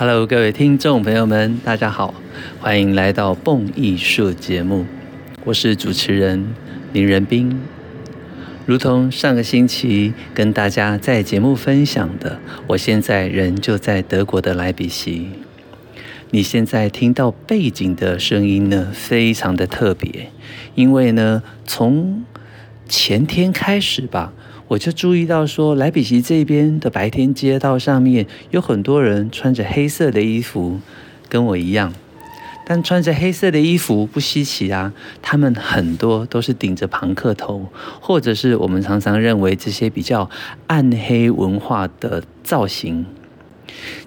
Hello，各位聽眾朋友們，大家好，歡迎來到蹦藝術節目。我是主持人林仁斌。如同上個星期跟大家在節目分享的，我現在人就在德國的萊比錫。你現在聽到背景的聲音呢，非常的特別，因為呢，從前天開始吧。我就注意到說，萊比錫這邊的白天街道上面有很多人穿着黑色的衣服，跟我一樣。但穿着黑色的衣服不稀奇啊，他們很多都是頂着龐克頭，或者是我們常常認為這些比較暗黑文化的造型。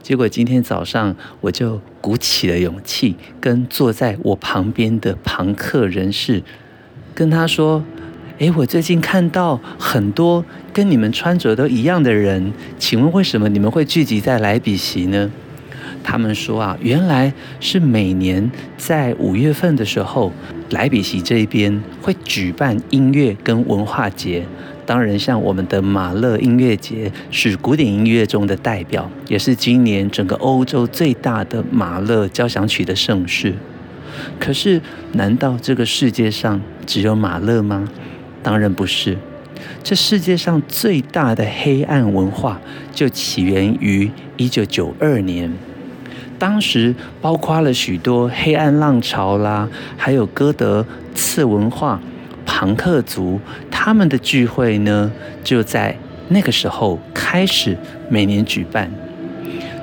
結果今天早上，我就鼓起了勇氣，跟坐在我旁邊的龐克人士跟他說。誒，我最近看到很多跟你們穿着都一樣的人，請問為什麼你們會聚集在萊比錫呢？他們說啊，原來是每年在五月份的時候，萊比錫這邊會舉辦音樂跟文化節。當然，像我們的馬勒音樂節是古典音樂中的代表，也是今年整個歐洲最大的馬勒交響曲的盛事。可是，難道這個世界上只有馬勒嗎？當然不是，這世界上最大的黑暗文化就起源於一九九二年，當時包括了許多黑暗浪潮啦，還有哥德次文化、龐克族，他們的聚會呢，就在那個時候開始每年舉辦。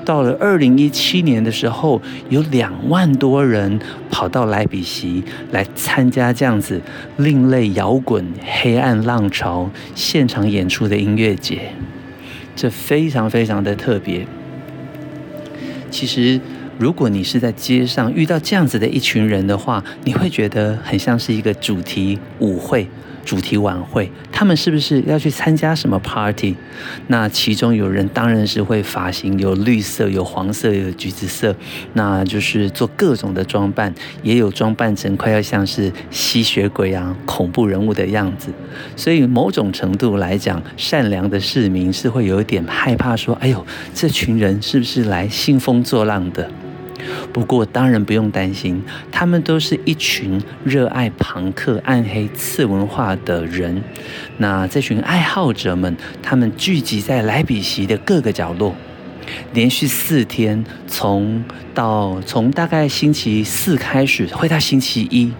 到了二零一七年的時候，有兩萬多人跑到萊比錫來參加這樣子另類搖滾黑暗浪潮現場演出的音樂節，這非常非常的特別。其實，如果你是在街上遇到這樣子的一群人的話，你會覺得很像是一個主題舞會、主題晚會。他們是不是要去參加什麼 party？那其中有人當然是會髮型有綠色、有黃色、有橘子色，那就是做各種的裝扮，也有裝扮成快要像是吸血鬼啊、恐怖人物的樣子。所以某種程度來講，善良的市民是會有點害怕，說：“哎呦，這群人是不是來興風作浪的？”不過，當然不用擔心，他們都是一群熱愛龐克、暗黑、次文化的人。那這群愛好者們，他們聚集在萊比錫的各個角落，連續四天，從到從大概星期四開始，會到星期一。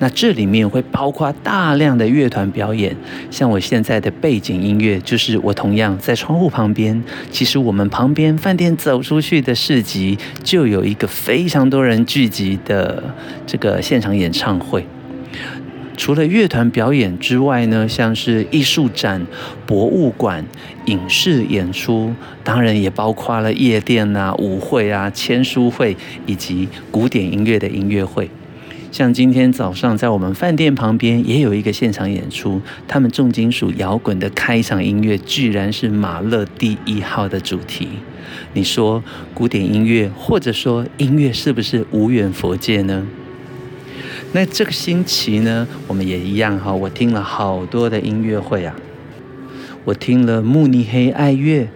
那這裡面會包括大量的樂團表演，像我現在的背景音樂，就是我同樣在窗戶旁邊。其實我們旁邊飯店走出去的市集，就有一個非常多人聚集的這個現場演唱會。除了樂團表演之外呢，像是藝術展、博物館、影視演出，當然也包括了夜店啊、舞會啊、簽書會，以及古典音樂的音樂會。像今天早上在我們飯店旁邊也有一個現場演出，他們重金屬搖滾的開場音樂居然是馬勒第一號的主題。你說古典音樂或者說音樂是不是無遠弗屆呢？那這個星期呢，我們也一樣哈，我聽了好多的音樂會啊，我聽了慕尼黑愛樂。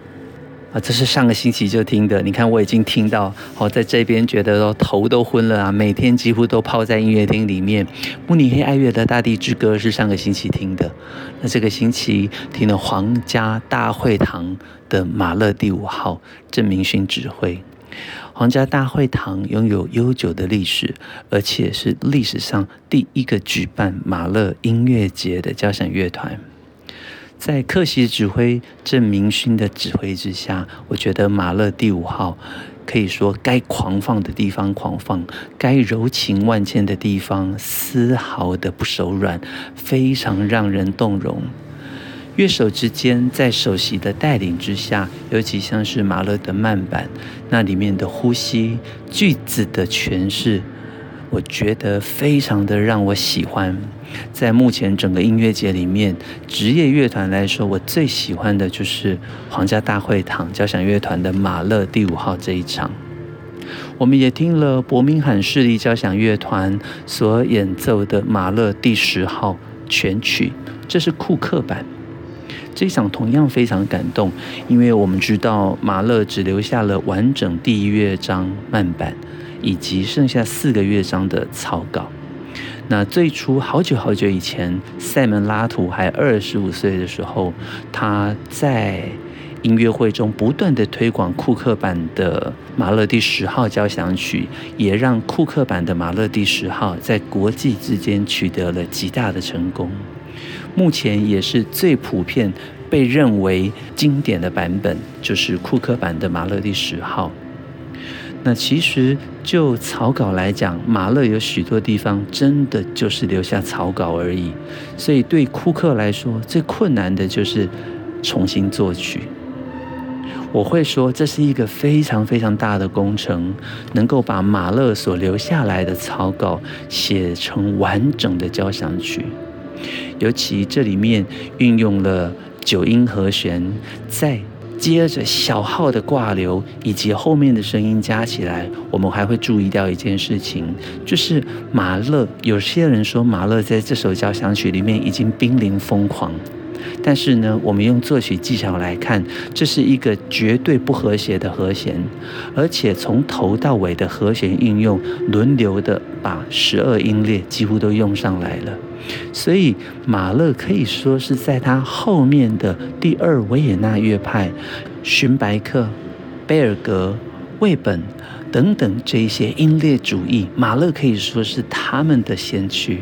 這是上個星期就聽的，你看我已經聽到，好在這邊覺得都頭都昏了啊！每天幾乎都泡在音樂廳裡面。慕尼黑愛樂的《大地之歌》是上個星期聽的，那這個星期聽了皇家大會堂的馬勒第五號，鄭明勳指揮。皇家大會堂擁有悠久的歷史，而且是歷史上第一個舉辦馬勒音樂節的交響樂團。在客席指揮鄭明勳的指揮之下，我覺得馬勒第五號可以說該狂放的地方狂放，該柔情萬千的地方絲毫的不手軟，非常讓人動容。樂手之間在首席的帶領之下，尤其像是馬勒的慢板，那裡面的呼吸、句子的詮釋。我覺得非常的讓我喜歡，在目前整個音樂節裡面，職業樂團來說，我最喜歡的就是皇家大會堂交響樂團的馬勒第五號這一場。我們也聽了伯明翰市立交響樂團所演奏的馬勒第十號全曲，這是庫克版。這一場同樣非常感動，因為我們知道馬勒只留下了完整第一樂章慢板。以及剩下四個樂章的草稿。那最初好久好久以前，賽門拉圖還二十五歲的時候，他在音樂會中不斷地推廣庫克版的馬勒第十號交響曲，也讓庫克版的馬勒第十號在國際之間取得了極大的成功。目前也是最普遍被認為經典的版本，就是庫克版的馬勒第十號。那其實就草稿來講，馬勒有許多地方真的就是留下草稿而已。所以對庫克來說，最困難的就是重新作曲。我會說，這是一個非常非常大的工程，能夠把馬勒所留下來的草稿寫成完整的交響曲，尤其這裡面運用了九音和弦，在。接着小號的掛留，以及後面的聲音加起來，我們還會注意到一件事情，就是馬勒。有些人說馬勒在這首交響曲裡面已經瀕臨瘋狂。但是呢，我們用作曲技巧來看，這是一個絕對不和諧的和弦，而且從頭到尾的和弦應用，輪流的把十二音列幾乎都用上來了。所以馬勒可以說是在他後面的第二維也納樂派，荀白克、貝爾格、魏本等等這一些音列主義，馬勒可以說是他們的先驅。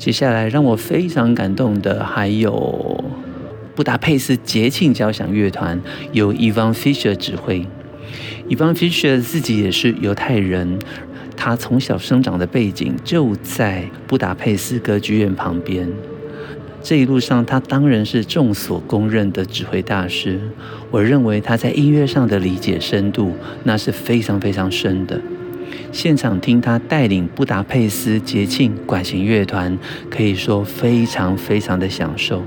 接下來讓我非常感動的，還有布達佩斯節慶交響樂團由 Iván Fischer 指揮。Iván Fischer 自己也是猶太人，他從小生長的背景就在布達佩斯歌劇院旁邊。這一路上，他當然是眾所公認的指揮大師。我認為他在音樂上的理解深度，那是非常非常深的。現場聽他帶領布達佩斯節慶管絃樂團，可以說非常非常的享受。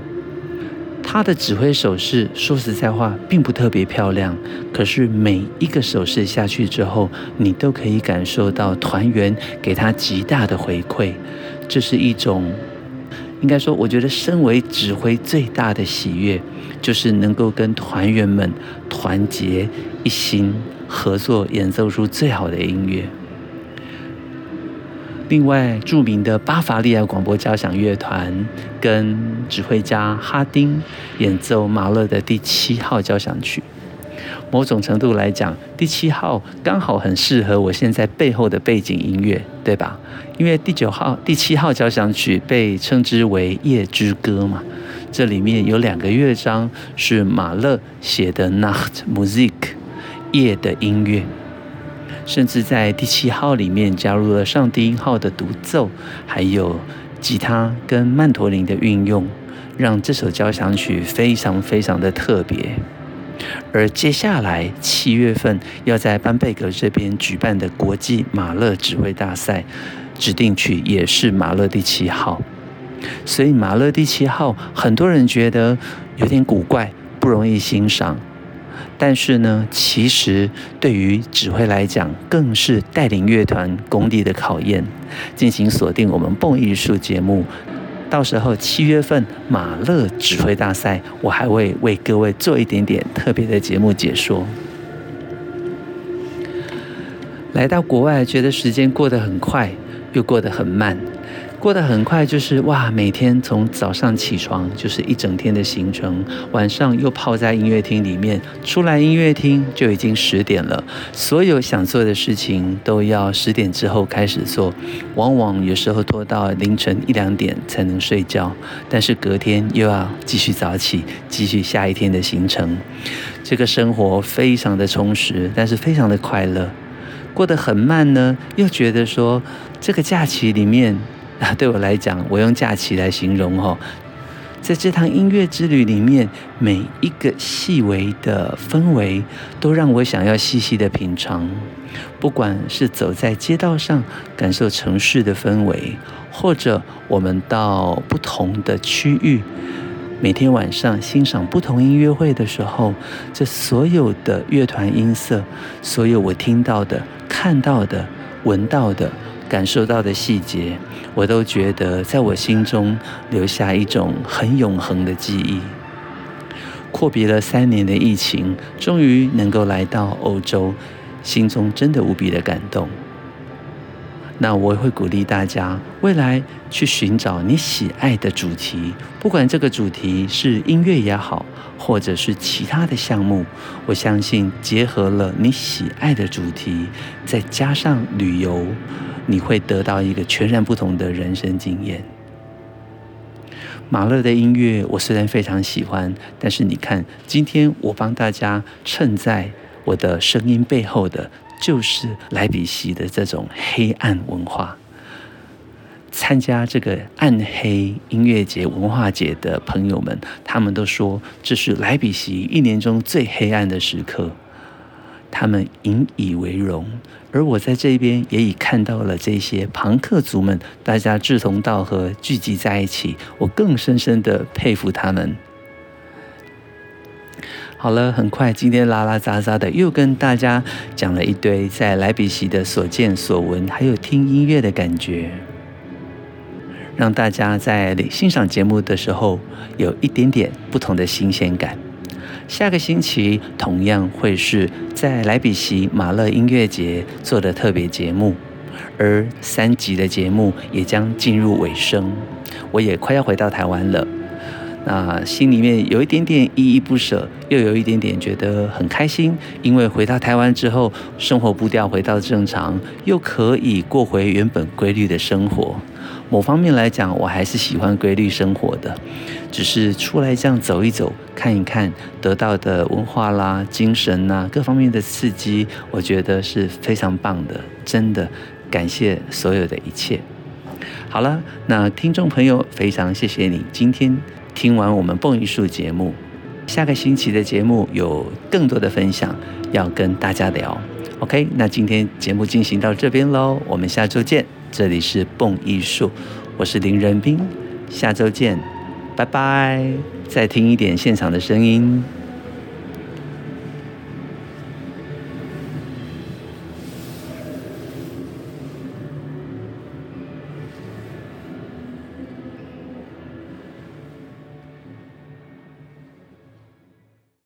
他的指揮手勢，說實在話，並不特別漂亮。可是每一個手勢下去之後，你都可以感受到團員給他極大的回饋。這是一種，應該說，我覺得身為指揮最大的喜悅，就是能夠跟團員們團結一心。合作演奏出最好的音樂。另外，著名的巴伐利亞廣播交響樂團跟指揮家哈丁演奏馬勒的第七號交響曲。某種程度來講，第七號剛好很適合我現在背後的背景音樂，對吧？因為第九號、第七號交響曲被稱之為《夜之歌》嘛，這裡面有兩個樂章是馬勒寫的《Nacht Musik》。夜的音樂，甚至在第七號裡面加入了上低音號的獨奏，還有吉他跟曼陀林的運用，讓這首交響曲非常非常的特別。而接下來七月份要在班貝格這邊舉辦的國際馬勒指揮大賽，指定曲也是馬勒第七號。所以馬勒第七號，很多人覺得有點古怪，不容易欣賞。但是呢，其實對於指揮來講，更是帶領樂團功力的考驗。進行鎖定我們蹦藝術節目，到時候七月份馬勒指揮大賽，我還會為各位做一點點特別的節目解說。來到國外，覺得時間過得很快，又過得很慢。過得很快，就是哇，每天從早上起床就是一整天的行程，晚上又泡在音樂廳裡面，出來音樂廳就已經十點了。所有想做的事情都要十點之後開始做，往往有時候拖到凌晨一兩點才能睡覺，但是隔天又要繼續早起，繼續下一天的行程。這個生活非常的充實，但是非常的快樂。過得很慢呢，又覺得說這個假期裡面。那對我來講，我用假期來形容哦，在這趟音樂之旅裡面，每一個細微的氛圍都讓我想要細細的品嘗。不管是走在街道上感受城市的氛圍，或者我們到不同的區域，每天晚上欣賞不同音樂會的時候，這所有的樂團音色，所有我聽到的、看到的、聞到的，感受到的細節，我都覺得在我心中留下一種很永恆的記憶。闊別了三年的疫情，終於能夠來到歐洲，心中真的無比的感動。那我也會鼓勵大家未來去尋找你喜愛的主題，不管這個主題是音樂也好，或者是其他的項目，我相信結合了你喜愛的主題，再加上旅遊。你會得到一個全然不同的人生經驗。馬勒的音樂我雖然非常喜歡，但是你看，今天我幫大家襯在我的聲音背後的，就是萊比錫的這種黑暗文化。參加這個暗黑音樂節、文化節的朋友們，他們都說這是萊比錫一年中最黑暗的時刻。他們引以為榮，而我在這邊也已看到了這些龐克族們，大家志同道合，聚集在一起，我更深深的佩服他們。好了，很快今天拉拉雜雜的又跟大家講了一堆在萊比錫的所見所聞，還有聽音樂的感覺，讓大家在欣賞節目的時候有一點點不同的新鮮感。下個星期同樣會是在萊比錫馬勒音樂節做的特別節目，而三集的節目也將進入尾聲。我也快要回到台灣了，那心裡面有一點點依依不捨，又有一點點覺得很開心。因為回到台灣之後，生活步調回到正常，又可以過回原本規律的生活。某方面來講，我還是喜歡規律生活的，只是出來這樣走一走。看一看得到的文化啦、精神啦、啊，各方面的刺激，我覺得是非常棒的。真的，感謝所有的一切。好了，那聽眾朋友，非常謝謝你今天聽完我們蹦藝術節目。下個星期的節目有更多的分享要跟大家聊。OK，那今天節目進行到這邊嘍，我們下周見。這裡是蹦藝術，我是林仁斌，下周見。拜拜，再聽一點現場的聲音。